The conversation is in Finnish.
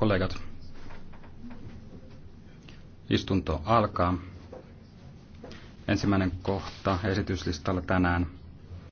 kollegat, istunto alkaa. Ensimmäinen kohta esityslistalla tänään